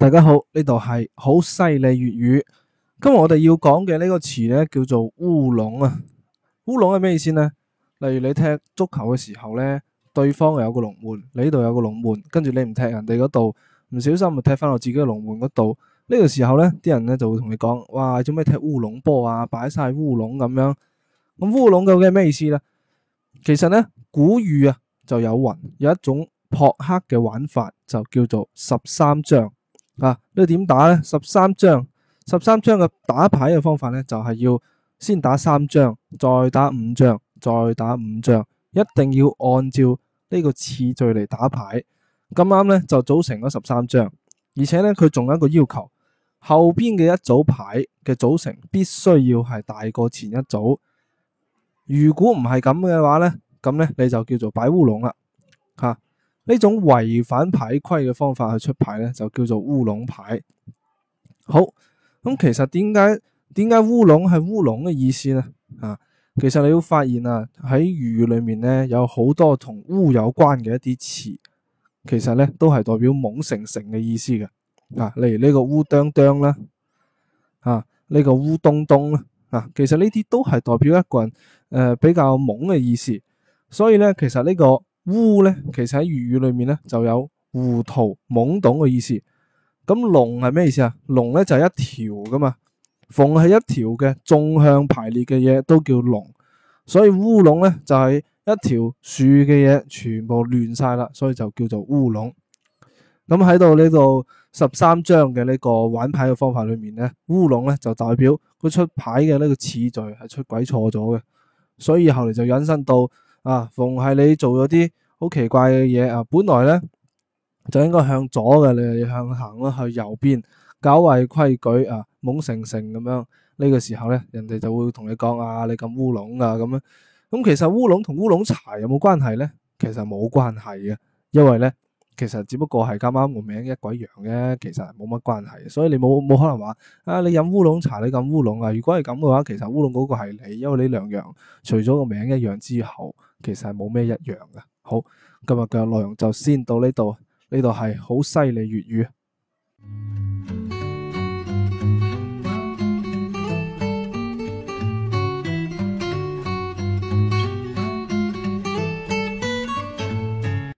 大家好，呢度係猴塞雷粵語。今日我哋要講嘅呢個詞咧，叫做烏龍啊。烏龍係咩意思呢？例如你踢足球嘅時候咧，對方有個龍門，你呢度有個龍門，跟住你唔踢人哋嗰度，唔小心咪踢翻落自己嘅龍門嗰度。呢個時候咧，啲人咧就會同你講：哇，做咩踢烏龍波啊？擺晒烏龍咁樣。咁烏龍究竟係咩意思呢？其實呢古語啊就有云，有一種撲克嘅玩法就叫做十三張。啊！你點打呢？十三張，十三張嘅打牌嘅方法呢，就係要先打三張，再打五張，再打五張，一定要按照呢個次序嚟打牌。咁啱呢，就組成咗十三張，而且呢，佢仲有一個要求，後邊嘅一組牌嘅組成必須要係大過前一組。如果唔係咁嘅話呢，咁呢，你就叫做擺烏龍啦。呢種違反牌規嘅方法去出牌咧，就叫做烏龍牌。好，咁其實點解點解烏龍係烏龍嘅意思咧？啊，其實你會發現啊，喺粵語裏面咧，有好多同烏有關嘅一啲詞，其實咧都係代表懵成成嘅意思嘅。啊，例如呢個烏噹噹啦，啊呢、這個烏咚咚啦，啊其實呢啲都係代表一個人誒、呃、比較懵嘅意思。所以咧，其實呢、這個烏咧，其實喺粵語裏面咧就有糊塗、懵懂嘅意思。咁龍係咩意思啊？龍咧就係一條㗎嘛，逢係一條嘅縱向排列嘅嘢都叫龍，所以烏龍咧就係、是、一條樹嘅嘢全部亂晒啦，所以就叫做烏龍。咁喺到呢度十三張嘅呢個玩牌嘅方法裏面咧，烏龍咧就代表佢出牌嘅呢個次序係出軌錯咗嘅，所以後嚟就引申到。啊，逢係你做咗啲好奇怪嘅嘢啊，本來咧就應該向左嘅，你向行咗去右邊，搞壞規矩啊，懵成成咁樣，呢個時候咧，人哋就會同你講啊，你咁烏龍啊咁樣，咁、嗯、其實烏龍同烏龍茶有冇關係咧？其實冇關係嘅，因為咧。其實只不過係啱啱個名一鬼樣啫，其實冇乜關係，所以你冇冇可能話啊你飲烏龍茶你咁烏龍啊？如果係咁嘅話，其實烏龍嗰個係你，因為你兩樣除咗個名一樣之後，其實係冇咩一樣嘅。好，今日嘅內容就先到呢度，呢度係猴塞雷粵語。